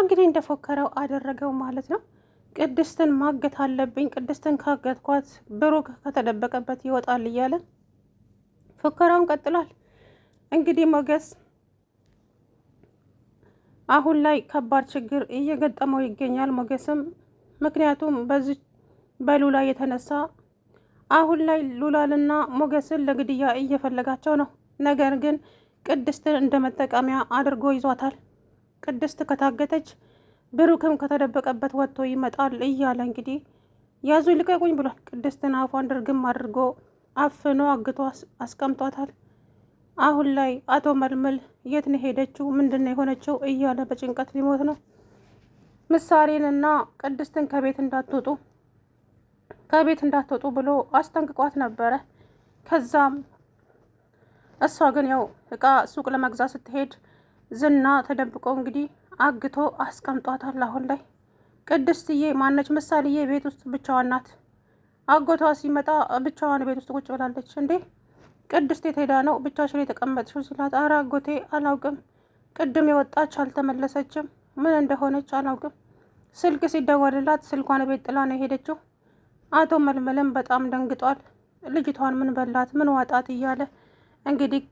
እንግዲህ እንደፎከረው አደረገው ማለት ነው። ቅድስትን ማገት አለብኝ፣ ቅድስትን ካገትኳት ብሩክ ከተደበቀበት ይወጣል እያለ ፎከራውን ቀጥሏል። እንግዲህ ሞገስ አሁን ላይ ከባድ ችግር እየገጠመው ይገኛል። ሞገስም ምክንያቱም በዚህ በሉላ የተነሳ አሁን ላይ ሉላልና ሞገስን ለግድያ እየፈለጋቸው ነው። ነገር ግን ቅድስትን እንደ መጠቀሚያ አድርጎ ይዟታል። ቅድስት ከታገተች ብሩክም ከተደበቀበት ወጥቶ ይመጣል እያለ እንግዲህ ያዙ ልቀቁኝ ብሏል። ቅድስትን አፏን ድርግም አድርጎ አፍኖ አግቶ አስቀምጧታል። አሁን ላይ አቶ መልመል የት ነው ሄደችው? ምንድን ነው የሆነችው? እያለ በጭንቀት ሊሞት ነው። ምሳሌንና ቅድስትን ከቤት እንዳትወጡ ከቤት እንዳትወጡ ብሎ አስጠንቅቋት ነበረ። ከዛም እሷ ግን ያው እቃ ሱቅ ለመግዛት ስትሄድ ዝና ተደብቆ እንግዲህ አግቶ አስቀምጧታል። አሁን ላይ ቅድስትዬ ማነች ምሳሌዬ ቤት ውስጥ ብቻዋን ናት። አጎቷ ሲመጣ ብቻዋን ቤት ውስጥ ቁጭ ብላለች። እንዴ ቅድስት የትሄዳ ነው ብቻሽን የተቀመጥሽው ሲላት፣ አረ አጎቴ አላውቅም፣ ቅድም የወጣች አልተመለሰችም፣ ምን እንደሆነች አላውቅም። ስልክ ሲደወልላት ስልኳን ቤት ጥላ ነው የሄደችው። አቶ መልመልም በጣም ደንግጧል። ልጅቷን ምን በላት ምን ዋጣት እያለ እንግዲህ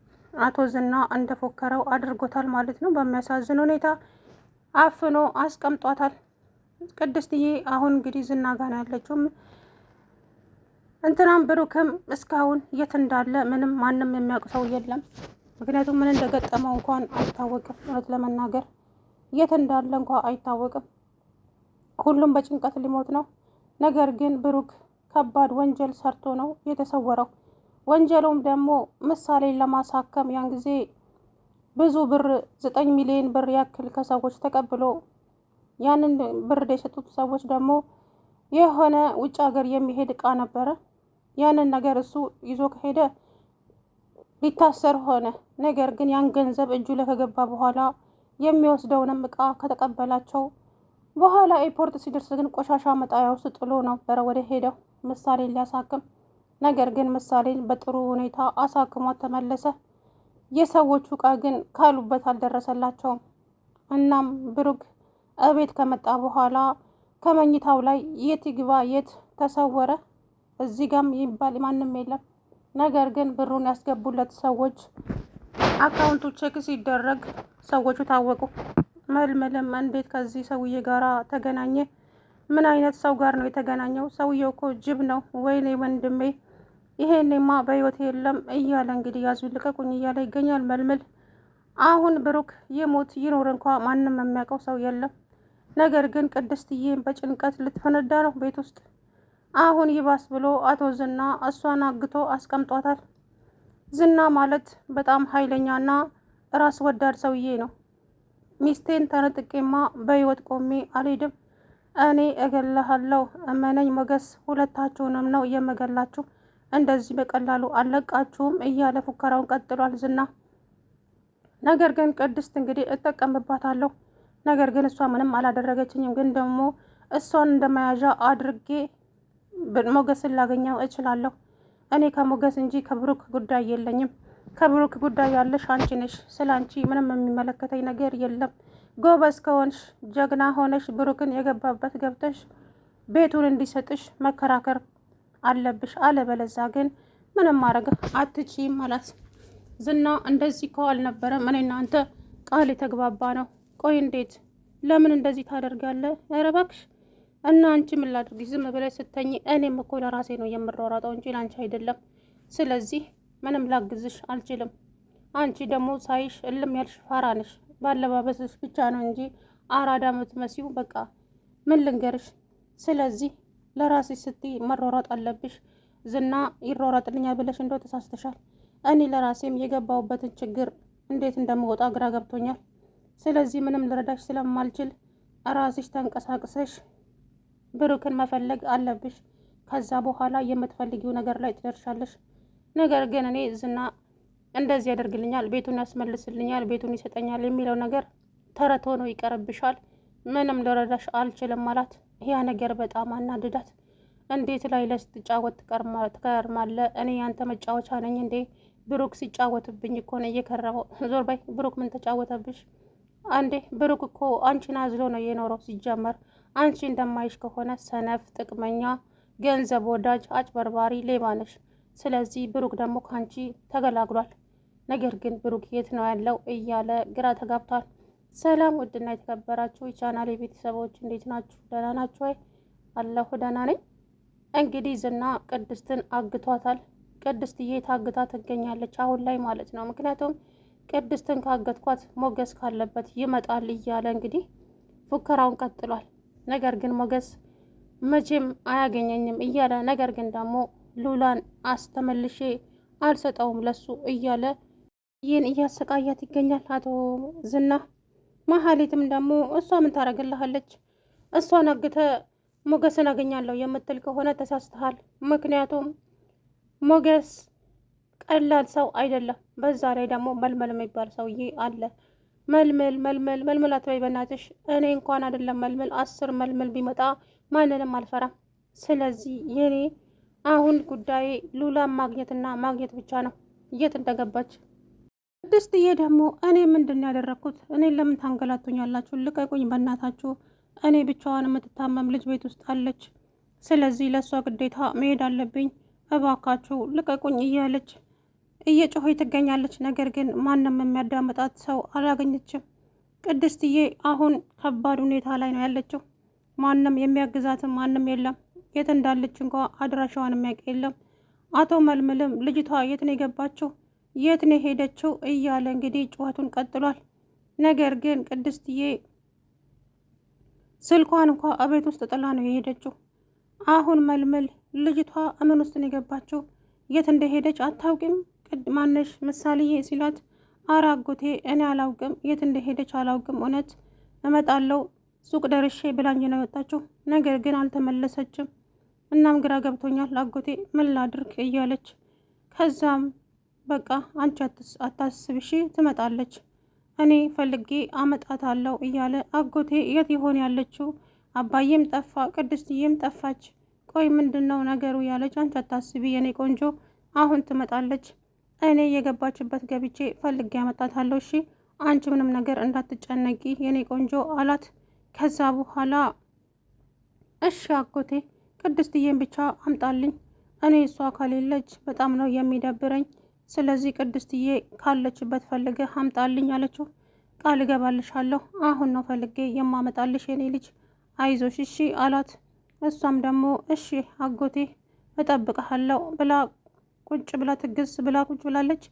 አቶ ዝና እንደፎከረው አድርጎታል ማለት ነው። በሚያሳዝን ሁኔታ አፍኖ አስቀምጧታል። ቅድስትዬ አሁን እንግዲህ ዝና ጋን ነው ያለችው። እንትናም ብሩክም እስካሁን የት እንዳለ ምንም ማንም የሚያውቅ ሰው የለም። ምክንያቱም ምን እንደገጠመው እንኳን አይታወቅም። እውነት ለመናገር የት እንዳለ እንኳ አይታወቅም። ሁሉም በጭንቀት ሊሞት ነው። ነገር ግን ብሩክ ከባድ ወንጀል ሰርቶ ነው የተሰወረው። ወንጀሉም ደግሞ ምሳሌን ለማሳከም ያን ጊዜ ብዙ ብር ዘጠኝ ሚሊዮን ብር ያክል ከሰዎች ተቀብሎ ያንን ብር የሰጡት ሰዎች ደግሞ የሆነ ውጭ ሀገር የሚሄድ እቃ ነበረ። ያንን ነገር እሱ ይዞ ከሄደ ሊታሰር ሆነ። ነገር ግን ያን ገንዘብ እጁ ላይ ከገባ በኋላ የሚወስደውንም እቃ ከተቀበላቸው በኋላ ኤርፖርት ሲደርስ ግን ቆሻሻ መጣያ ውስጥ ጥሎ ነበረ ወደ ሄደው ምሳሌን ሊያሳክም ነገር ግን ምሳሌን በጥሩ ሁኔታ አሳክሟት ተመለሰ። የሰዎቹ ዕቃ ግን ካሉበት አልደረሰላቸውም። እናም ብሩክ እቤት ከመጣ በኋላ ከመኝታው ላይ የት ይግባ የት ተሰወረ፣ እዚህ ጋም ይባል ማንም የለም። ነገር ግን ብሩን ያስገቡለት ሰዎች አካውንቱ ቼክ ሲደረግ ሰዎቹ ታወቁ። መልመለም እንዴት ከዚህ ሰውዬ ጋር ተገናኘ? ምን አይነት ሰው ጋር ነው የተገናኘው? ሰውዬው እኮ ጅብ ነው። ወይኔ ወንድሜ ይሄኔማ በህይወት የለም እያለ እንግዲህ ያዙ ልቀቁኝ እያለ ይገኛል መልምል። አሁን ብሩክ የሞት ይኖር እንኳ ማንም የሚያውቀው ሰው የለም። ነገር ግን ቅድስትዬን በጭንቀት ልትፈነዳ ነው ቤት ውስጥ። አሁን ይባስ ብሎ አቶ ዝና እሷን አግቶ አስቀምጧታል። ዝና ማለት በጣም ኃይለኛና ራስ ወዳድ ሰውዬ ነው። ሚስቴን ተነጥቄማ በህይወት ቆሜ አልሄድም። እኔ እገለሃለሁ፣ እመነኝ ሞገስ፣ ሁለታችሁንም ነው የምገላችሁ እንደዚህ በቀላሉ አለቃችሁም እያለ ፉከራውን ቀጥሏል ዝና። ነገር ግን ቅድስት እንግዲህ እጠቀምባታለሁ፣ ነገር ግን እሷ ምንም አላደረገችኝም፣ ግን ደግሞ እሷን እንደመያዣ አድርጌ ሞገስን ላገኘው እችላለሁ። እኔ ከሞገስ እንጂ ከብሩክ ጉዳይ የለኝም። ከብሩክ ጉዳይ ያለሽ አንቺ ነሽ። ስለ አንቺ ምንም የሚመለከተኝ ነገር የለም። ጎበዝ ከሆንሽ ጀግና ሆነሽ ብሩክን የገባበት ገብተሽ ቤቱን እንዲሰጥሽ መከራከር አለብሽ፣ አለበለዛ ግን ምንም ማድረግ አትችይም አላት። ዝና እንደዚህ እኮ አልነበረም፣ እኔ እናንተ ቃል የተግባባ ነው። ቆይ እንዴት ለምን እንደዚህ ታደርጋለህ? ኧረ እባክሽ እና አንቺ ምን ላድርግሽ? ዝም ብለሽ ስተኝ፣ እኔም እኮ ለራሴ ነው የምሯሯጠው እንጂ ለአንቺ አይደለም። ስለዚህ ምንም ላግዝሽ አልችልም። አንቺ ደግሞ ሳይሽ እልም ያልሽ ፋራ ነሽ። ባለባበስሽ ብቻ ነው እንጂ አራዳ ምትመሲው። በቃ ምን ልንገርሽ? ስለዚህ ለራስሽ ስትይ መሯሯጥ አለብሽ። ዝና ይሯሯጥልኛል ብለሽ እንደው ተሳስተሻል። እኔ ለራሴም የገባሁበትን ችግር እንዴት እንደምወጣ ግራ ገብቶኛል። ስለዚህ ምንም ልረዳሽ ስለማልችል ራስሽ ተንቀሳቅሰሽ ብሩክን መፈለግ አለብሽ። ከዛ በኋላ የምትፈልጊው ነገር ላይ ትደርሻለሽ። ነገር ግን እኔ ዝና እንደዚህ ያደርግልኛል፣ ቤቱን ያስመልስልኛል፣ ቤቱን ይሰጠኛል የሚለው ነገር ተረት ሆኖ ይቀርብሻል። ምንም ልረዳሽ አልችልም አላት። ያ ነገር በጣም አናድዳት። እንዴት ላይ ለስትጫወት ትከርማለ? እኔ ያንተ መጫወቻ ነኝ እንዴ? ብሩክ ሲጫወትብኝ እኮ ነው እየከረመው። ዞር በይ። ብሩክ ምን ተጫወተብሽ አንዴ? ብሩክ እኮ አንቺን አዝሎ ነው የኖረው። ሲጀመር አንቺ እንደማይሽ ከሆነ ሰነፍ፣ ጥቅመኛ፣ ገንዘብ ወዳጅ፣ አጭበርባሪ፣ ሌባ ነሽ። ስለዚህ ብሩክ ደግሞ ከአንቺ ተገላግሏል። ነገር ግን ብሩክ የት ነው ያለው እያለ ግራ ተጋብቷል። ሰላም ውድና የተከበራችሁ የቻናል የቤተሰቦች እንዴት ናችሁ? ደህና ናችሁ ወይ? አለሁ ደህና ነኝ። እንግዲህ ዝና ቅድስትን አግቷታል። ቅድስትዬ ታግታ ትገኛለች አሁን ላይ ማለት ነው። ምክንያቱም ቅድስትን ካገትኳት ሞገስ ካለበት ይመጣል እያለ እንግዲህ ፉከራውን ቀጥሏል። ነገር ግን ሞገስ መቼም አያገኘኝም እያለ ነገር ግን ደግሞ ሉላን አስተመልሼ አልሰጠውም ለሱ እያለ ይህን እያሰቃያት ይገኛል አቶ ዝና መሀሌትም ደግሞ እሷ ምን ታደርግልሃለች? እሷን አግተ ሞገስን አገኛለሁ የምትል ከሆነ ተሳስተሃል። ምክንያቱም ሞገስ ቀላል ሰው አይደለም። በዛ ላይ ደግሞ መልመል የሚባል ሰውዬ አለ። መልመል መልመል መልመል አትበይ በናትሽ። እኔ እንኳን አይደለም መልመል አስር መልመል ቢመጣ ማንንም አልፈራም። ስለዚህ የኔ አሁን ጉዳይ ሉላን ማግኘትና ማግኘት ብቻ ነው። የት እንደገባች ቅድስትዬ ደግሞ እኔ ምንድን ያደረግኩት? እኔን ለምን ታንገላቱኛላችሁ? ልቀቁኝ በእናታችሁ። እኔ ብቻዋን የምትታመም ልጅ ቤት ውስጥ አለች። ስለዚህ ለእሷ ግዴታ መሄድ አለብኝ። እባካችሁ ልቀቁኝ እያለች እየጮኸች ትገኛለች። ነገር ግን ማንም የሚያዳምጣት ሰው አላገኘችም። ቅድስትዬ አሁን ከባድ ሁኔታ ላይ ነው ያለችው። ማንም የሚያግዛትም ማንም የለም። የት እንዳለች እንኳ አድራሻዋን የሚያውቅ የለም። አቶ መልምልም ልጅቷ የት ነው የገባችው የት ነው የሄደችው እያለ እንግዲህ ጩኸቱን ቀጥሏል። ነገር ግን ቅድስትዬ ስልኳን እንኳ እቤት ውስጥ ጥላ ነው የሄደችው። አሁን መልምል ልጅቷ እምን ውስጥ ነው የገባችው? የት እንደሄደች አታውቂም ቅድማነሽ ምሳሌዬ ሲላት አራጎቴ እኔ አላውቅም፣ የት እንደሄደች አላውቅም። እውነት እመጣለው ሱቅ ደርሼ ብላኝ ነው የወጣችው። ነገር ግን አልተመለሰችም። እናም ግራ ገብቶኛል አጎቴ ምን ላድርግ እያለች ከዛም በቃ አንቺ አታስብሺ ትመጣለች፣ እኔ ፈልጌ አመጣታለሁ እያለ አጎቴ የት ይሆን ያለችው? አባዬም ጠፋ፣ ቅድስትዬም ጠፋች። ቆይ ምንድን ነው ነገሩ ያለች። አንቺ አታስቢ የኔ ቆንጆ፣ አሁን ትመጣለች። እኔ የገባችበት ገብቼ ፈልጌ አመጣታለሁ። እሺ አንቺ ምንም ነገር እንዳትጨነቂ የኔ ቆንጆ አላት። ከዛ በኋላ እሺ አጎቴ ቅድስትዬን ብቻ አምጣልኝ፣ እኔ እሷ ከሌለች በጣም ነው የሚደብረኝ ስለዚህ ቅድስትዬ ካለችበት ፈልገ አምጣልኝ አለችው። ቃል እገባልሻለሁ አሁን ነው ፈልጌ የማመጣልሽ የኔ ልጅ አይዞሽ እሺ አላት። እሷም ደግሞ እሺ አጎቴ እጠብቅሃለሁ ብላ ቁጭ ብላ ትግስ ብላ ቁጭ ብላለች።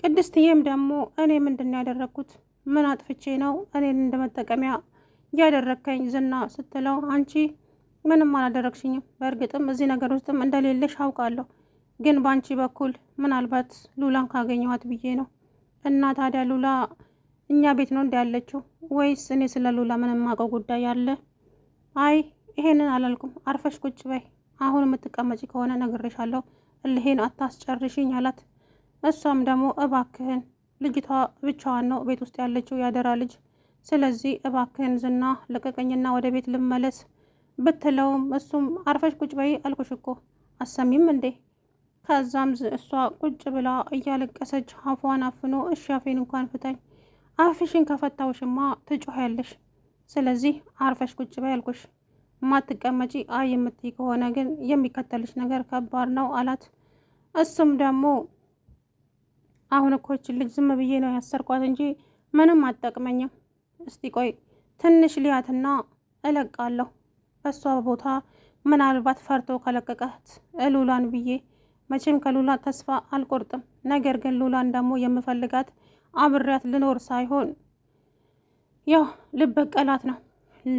ቅድስትዬም ደግሞ እኔ ምንድን ነው ያደረግኩት? ምን አጥፍቼ ነው እኔን እንደ መጠቀሚያ ያደረግከኝ ዝና ስትለው አንቺ ምንም አላደረግሽኝም፣ በእርግጥም እዚህ ነገር ውስጥም እንደሌለሽ አውቃለሁ ግን በአንቺ በኩል ምናልባት ሉላን ካገኘኋት ብዬ ነው። እና ታዲያ ሉላ እኛ ቤት ነው ያለችው ወይስ እኔ ስለ ሉላ ምንም የማውቀው ጉዳይ አለ? አይ ይሄንን አላልኩም። አርፈሽ ቁጭ በይ። አሁን የምትቀመጪ ከሆነ ነግሬሻለሁ። እልሄን አታስጨርሽኝ አላት። እሷም ደግሞ እባክህን፣ ልጅቷ ብቻዋን ነው ቤት ውስጥ ያለችው ያደራ ልጅ። ስለዚህ እባክህን ዝና ልቀቀኝና ወደ ቤት ልመለስ ብትለውም እሱም አርፈሽ ቁጭ በይ አልኩሽ እኮ አሰሚም እንዴ ከዛም እሷ ቁጭ ብላ እያለቀሰች አፏን አፍኖ እሺ አፌን እንኳን ፍታኝ፣ አፍሽን ከፈታውሽማ ትጮኸያለሽ። ስለዚህ አርፈሽ ቁጭ በይ ያልኩሽ። ማትቀመጪ አይ የምትይ ከሆነ ግን የሚከተልሽ ነገር ከባድ ነው አላት። እሱም ደግሞ አሁን እኮ ልጅ ዝም ብዬ ነው ያሰርኳት እንጂ ምንም አትጠቅመኝም። እስቲ ቆይ ትንሽ ሊያትና እለቃለሁ። በእሷ ቦታ ምናልባት ፈርቶ ከለቀቀት እሉላን ብዬ መቼም ከሉላ ተስፋ አልቆርጥም። ነገር ግን ሉላን ደግሞ የምፈልጋት አብሬያት ልኖር ሳይሆን ያው ልበቀላት ነው።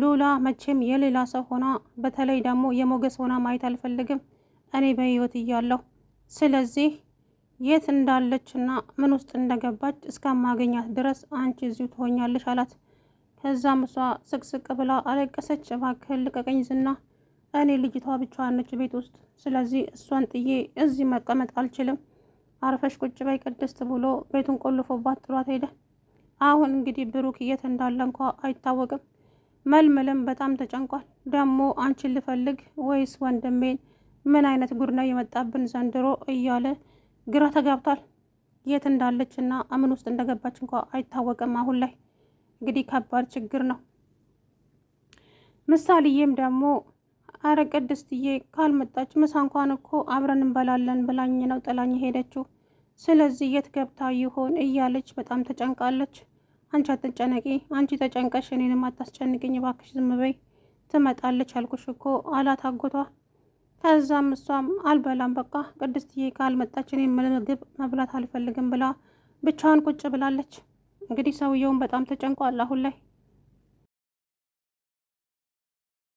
ሉላ መቼም የሌላ ሰው ሆና በተለይ ደግሞ የሞገስ ሆና ማየት አልፈልግም እኔ በህይወት እያለሁ። ስለዚህ የት እንዳለች ምን ውስጥ እንደገባች እስከማገኛት ድረስ አንቺ እዚሁ ትሆኛለሽ አላት። ከዛም እሷ ስቅስቅ ብላ አለቀሰች። እባክህን ልቀቀኝ ዝና እኔ ልጅቷ ብቻዋን ነች ቤት ውስጥ። ስለዚህ እሷን ጥዬ እዚህ መቀመጥ አልችልም። አርፈሽ ቁጭ በይ ቅድስት ብሎ ቤቱን ቆልፎባት ጥሏት ሄደ። አሁን እንግዲህ ብሩክ የት እንዳለ እንኳ አይታወቅም። መልመልም በጣም ተጨንቋል። ደግሞ አንቺን ልፈልግ ወይስ ወንድሜን? ምን አይነት ጉድ ነው የመጣብን ዘንድሮ እያለ ግራ ተጋብቷል። የት እንዳለች እና አምን ውስጥ እንደገባች እንኳ አይታወቅም። አሁን ላይ እንግዲህ ከባድ ችግር ነው። ምሳሌዬም ደግሞ አረ ቅድስትዬ ካልመጣች ምሳ እንኳን እኮ አብረን እንበላለን ብላኝ ነው ጥላኝ ሄደችው። ስለዚህ የት ገብታ ይሆን እያለች በጣም ተጨንቃለች። አንቺ አትጨነቂ፣ አንቺ ተጨንቀሽ እኔንም አታስጨንቅኝ ባክሽ፣ ዝም በይ ትመጣለች አልኩሽ እኮ አላት አጎቷ። ከዛም እሷም አልበላም በቃ ቅድስትዬ ካልመጣች እኔ ምግብ መብላት አልፈልግም ብላ ብቻዋን ቁጭ ብላለች። እንግዲህ ሰውየውን በጣም ተጨንቋል አሁን ላይ